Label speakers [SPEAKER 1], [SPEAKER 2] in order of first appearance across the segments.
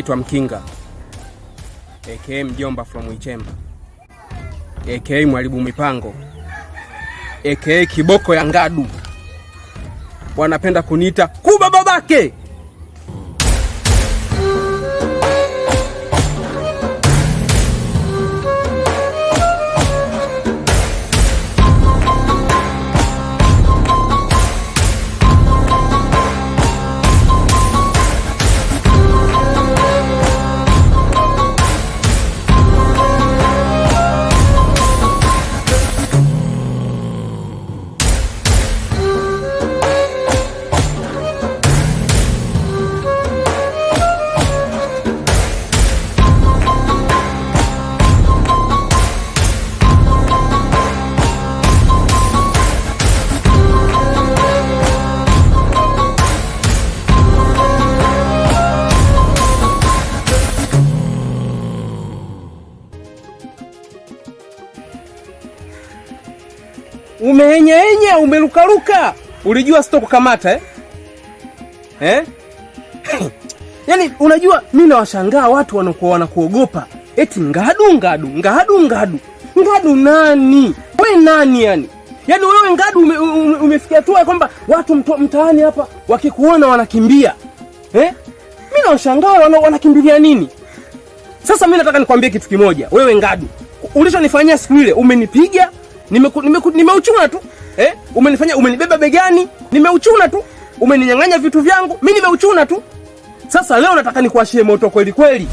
[SPEAKER 1] Naitwa Mkinga aka mjomba from Ichemba aka mwalibu mipango aka kiboko ya ngadu, wanapenda kuniita kuba babake. umerukaruka, ulijua sitokukamata eh? Eh? Yaani unajua mimi nawashangaa watu wanakuwa wanakuogopa eti ngadu ngadu ngadu ngadu ngadu nani we nani yani yaani wewe ngadu ume, ume, tu kwamba watu mtaani hapa wakikuona wanakimbia eh? Mimi nawashangaa wana, wanakimbilia nini? Sasa mimi nataka nikwambie kitu kimoja, wewe ngadu, ulichonifanyia siku ile, umenipiga nimeuchuna nime, nime tu eh? Umenifanya, umenibeba begani, nimeuchuna tu. Umeninyang'anya vitu vyangu, mi nimeuchuna tu. Sasa leo nataka nikuashie moto kweli kweli.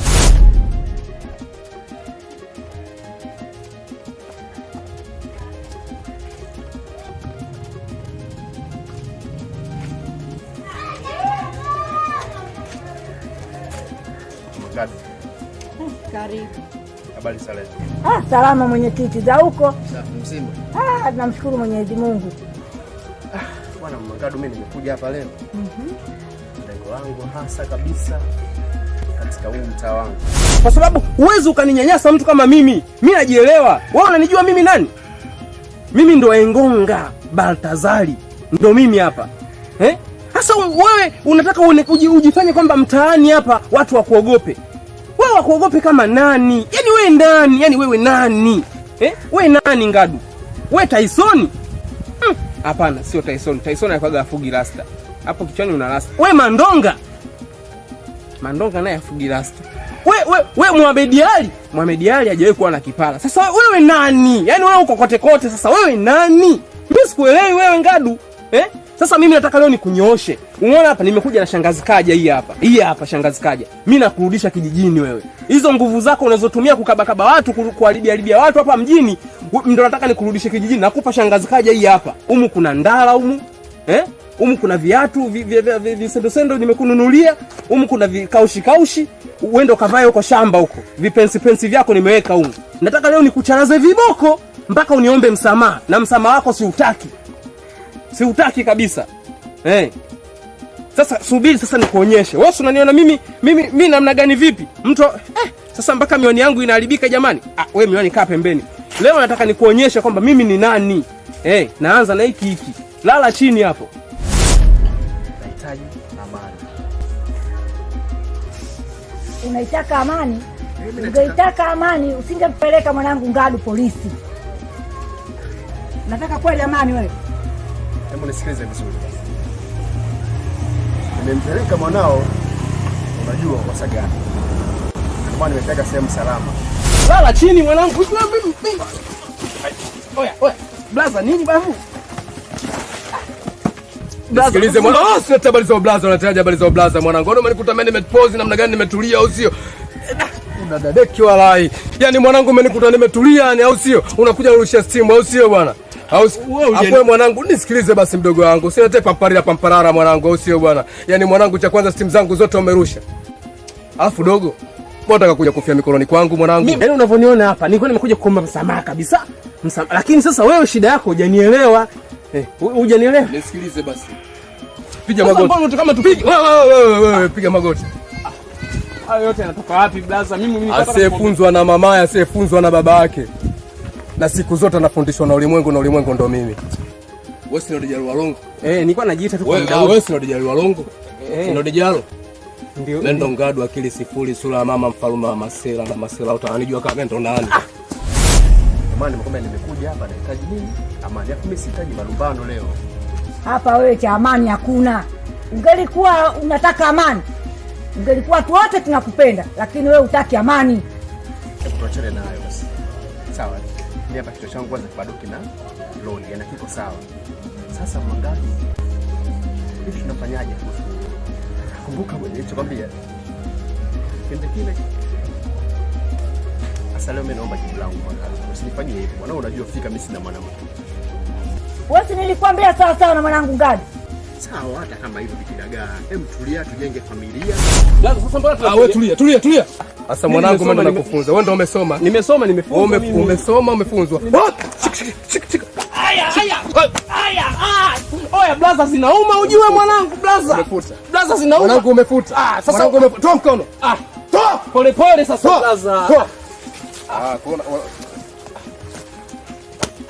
[SPEAKER 2] Karibu.
[SPEAKER 3] Habari za leo?
[SPEAKER 4] Ah, salama mwenyekiti, za huko mzima? Ah, namshukuru Mwenyezi Mungu.
[SPEAKER 3] Ah, bwana Mangadu, mimi nimekuja hapa leo mhm. lengo langu hasa kabisa katika huu mtaa wangu,
[SPEAKER 1] kwa sababu huwezi ukaninyanyasa mtu kama mimi. Mimi najielewa, wewe unanijua mimi nani? Mimi ndo Engonga Baltazari, ndo mimi hapa eh? Sasa wewe unataka ujifanye kwamba mtaani hapa watu wakuogope wakuogope kama nani? Yaani we nani? Yaani wewe nani eh? We nani Ngadu? We Tyson?
[SPEAKER 3] Hmm. Hapana, hmm, sio Tyson. Tyson alikuwa afugi rasta hapo kichwani, una rasta
[SPEAKER 1] we. Mandonga,
[SPEAKER 3] Mandonga naye afugi rasta.
[SPEAKER 1] We, we, we Mohamed Ali, Mohamed Ali hajawahi kuwa na kipara. Sasa wewe nani? Yaani wewe uko kote kote, sasa wewe nani? Mimi sikuelewi wewe Ngadu eh? Sasa mimi nataka leo nikunyooshe. Unaona hapa nimekuja na shangazi kaja hii hapa. Hii hapa shangazi kaja. Mimi nakurudisha kijijini wewe. Hizo nguvu zako unazotumia kukabakaba watu, kuharibia haribia watu hapa mjini, ndio nataka nikurudishe kijijini. Nakupa shangazi kaja hii hapa. Humu kuna ndala humu. Eh? Humu kuna viatu visendo sendo nimekununulia. Humu kuna vikaushi kaushi. Uende ukavae huko shamba huko. Vipensi pensi vyako nimeweka humu. Nataka leo nikucharaze viboko mpaka uniombe msamaha na msamaha wako si utaki siutaki kabisa eh. Sasa subiri sasa nikuonyeshe wewe, unaniona mimi mimi mimi namna gani? Vipi mtu eh, sasa mpaka miwani yangu inaharibika jamani? Ah, wewe mioni kaa pembeni. Leo nataka nikuonyeshe kwamba mimi ni nani eh. Naanza na hiki hiki, lala chini hapo. Nahitaji amani.
[SPEAKER 4] Unaitaka amani? Ungeitaka amani usingempeleka mwanangu Ngadu polisi. Nataka kweli amani wewe.
[SPEAKER 3] Hebu nisikilize vizuri. Nimempeleka mwanao, unajua kosa gani? Kama nimepeleka sehemu salama.
[SPEAKER 1] Lala chini mwanangu. Oya, oya. Blaza nini babu? Sikilize mwanangu, ah, sio habari za blaza, unataja habari za blaza mwanangu. Wewe umenikuta mimi nimepozi namna gani nimetulia au sio? Unadadeki walai. Yaani mwanangu umenikuta nimetulia yani au sio? Unakuja kurusha simu au sio bwana? mwanangu, nisikilize basi mdogo wangu, sio usinete pamparira pamparara mwanangu, au sio bwana? Yaani mwanangu, cha kwanza simu zangu zote umerusha, alafu dogo unataka kuja kufia mikononi kwangu mwanangu. Yaani unavyoniona hapa, nilikuwa nimekuja kuomba msamaha kabisa, msamaha. Lakini sasa wewe shida yako hujanielewa, eh, hujanielewa.
[SPEAKER 3] Nisikilize basi,
[SPEAKER 1] piga magoti Mbona kama tupige. Wewe wewe, wewe piga magoti. Ah, hayo yote yanatoka wapi blaza? Mimi mimi nataka asiyefunzwa na mamaya asiyefunzwa na baba yake na siku zote anafundishwa na ulimwengu na ulimwengu ndo mimi.
[SPEAKER 3] Wewe si Ndejalo Walongo?
[SPEAKER 1] Eh, nilikuwa najiita tu
[SPEAKER 3] kwa mdau. Wewe si Ndejalo Walongo? Eh, ndo Ndejalo. Ndio. Mimi ndo ngadu akili sifuri sura ya mama mfalme wa masela na masela utaanijua kama ndo nani. Jamani, mkombe nimekuja hapa nahitaji nini? Amani yako mimi sihitaji malumbano leo.
[SPEAKER 4] Hapa wewe cha amani hakuna. Ungelikuwa unataka amani. Ungelikuwa watu wote tunakupenda, lakini wewe utaki amani.
[SPEAKER 3] Tuachane nayo basi. Sawa nimeangalia hapa kichwa changu kwanza, bado kina load, yana kiko sawa. Sasa mwangaji, hivi tunafanyaje? Kumbuka mwenye nilichokwambia kende kile. Sasa leo mimi naomba jibu langu mwangaji, usinifanyie hivi mwanao. unajua fika mimi sina mwanamke.
[SPEAKER 4] Wewe nilikwambia sawa sawa na mwanangu gani?
[SPEAKER 3] Sawa, hata kama hivyo vikidagaa. Hem, tulia tujenge familia.
[SPEAKER 1] Ah, wewe tulia, tulia, tulia. Sasa mwanangu, mimi nakufunza. Wewe ndio umesoma. Nimesoma, nimefunzwa. Wewe umesoma, umefuzwa.
[SPEAKER 4] Ah, Oya blaza, zinauma ujue mwanangu, blaza. Umefuta. Blaza zinauma. Mwanangu
[SPEAKER 1] umefuta. Ah, sasa umefuta. Toa mkono. Ah, toa. Pole pole sasa blaza. Toa. Ah, ah kuona.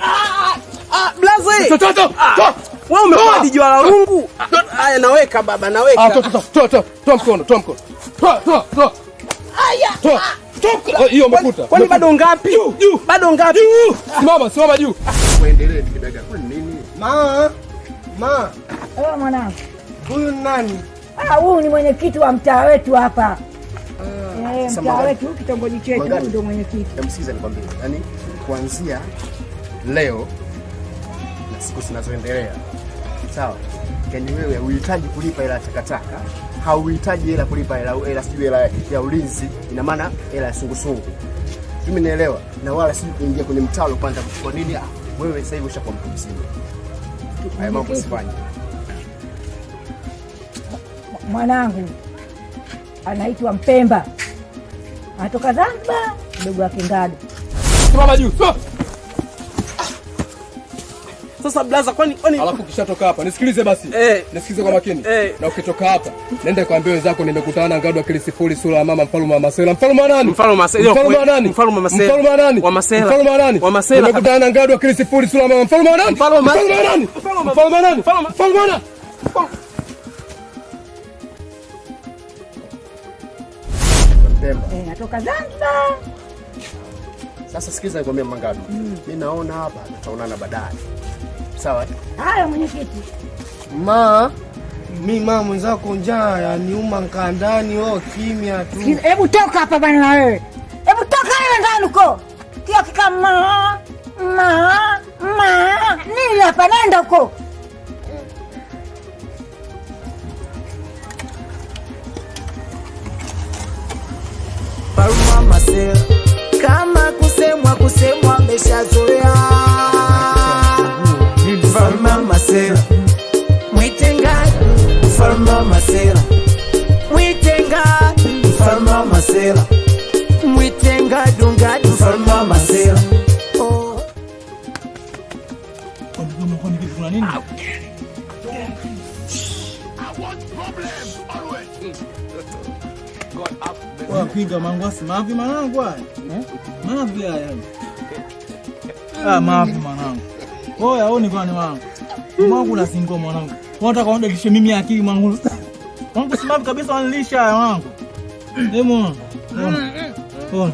[SPEAKER 4] Ah, ah, blaza.
[SPEAKER 1] Toa, toa, toa.
[SPEAKER 4] Wewe umekuwa dijua la rungu. Haya naweka baba, naweka. Ah,
[SPEAKER 1] toa toa toa toa toa mkono, toa mkono. Toa toa toa. Haya. Toa. Toa. Ah, hiyo umekuta.
[SPEAKER 4] Kwani bado ngapi? Juu. Bado ngapi?
[SPEAKER 1] Simama, simama juu.
[SPEAKER 3] Muendelee kidaga. Kwa nini?
[SPEAKER 1] Ma. Ma. Ewa mwanangu. Huyu nani?
[SPEAKER 4] Ah, huyu ni mwenyekiti wa mtaa wetu hapa. Ah, eh, mtaa wetu kitongoji chetu ndio mwenyekiti.
[SPEAKER 3] Msikiza nikwambie. Yaani kuanzia leo na siku zinazoendelea. Sawa, yani wewe uhitaji kulipa hela takataka, hauhitaji hela kulipa hela siu hela ya ulinzi, ina maana hela ya sungusungu, naelewa Na wala si kuingia kwenye mtalo panda kuchukua nini. Ah, wewe sasa hivi ushakuwa mtu mzima, haya mambo sifanye
[SPEAKER 4] Mwanangu anaitwa Mpemba, anatoka Zanzibar, mdogo wa kingado
[SPEAKER 1] Simama juu. Sasa blaza, kwani kwani, alafu ukishatoka hapa nisikilize basi eh, nisikilize kwa makini eh. Na ukitoka hapa nenda kaambie wenzako nimekutana na ngadu akili sifuri, sura ya mama mfalme wa Masela. Mfalme wa nani? Mfalme wa Masela. Mfalme wa nani? Mfalme wa Masela. Mfalme wa nani? Wa Masela. Mfalme wa nani? Wa Masela. Nimekutana na ngadu akili sifuri, sura ya mama mfalme wa nani? Mfalme wa nani? Mfalme wa nani? Mfalme wa nani?
[SPEAKER 3] Eh,
[SPEAKER 4] natoka Zanzibar.
[SPEAKER 3] Sasa sikiza nikwambia Mangadu. Mimi naona hapa tutaonana baadaye sawa.
[SPEAKER 4] Haya mwenyekiti.
[SPEAKER 1] Ma mi mama mwenzako njaa ya nkaa ndani wao oh, kimya tu.
[SPEAKER 4] Hebu toka hapa na wewe. Hebu toka wewe ndani Kio ma ma nini hapa nenda huko.
[SPEAKER 5] kama kusemwa kusemwa ameshazoea masela, mwite ngadi mfalme wa masela, mwite mfalme wa masela, mwite ngadi mfalme wa masela.
[SPEAKER 1] Wapiga ah, mangwasi mavi manangu haya mavi haya mavi manangu oya oni kwani wangu Mwangu singo mwanangu. Unataka unidadishe mimi akili mwangu. Mwangu simama kabisa wanilisha ya mwangu. Hebu. Mbona?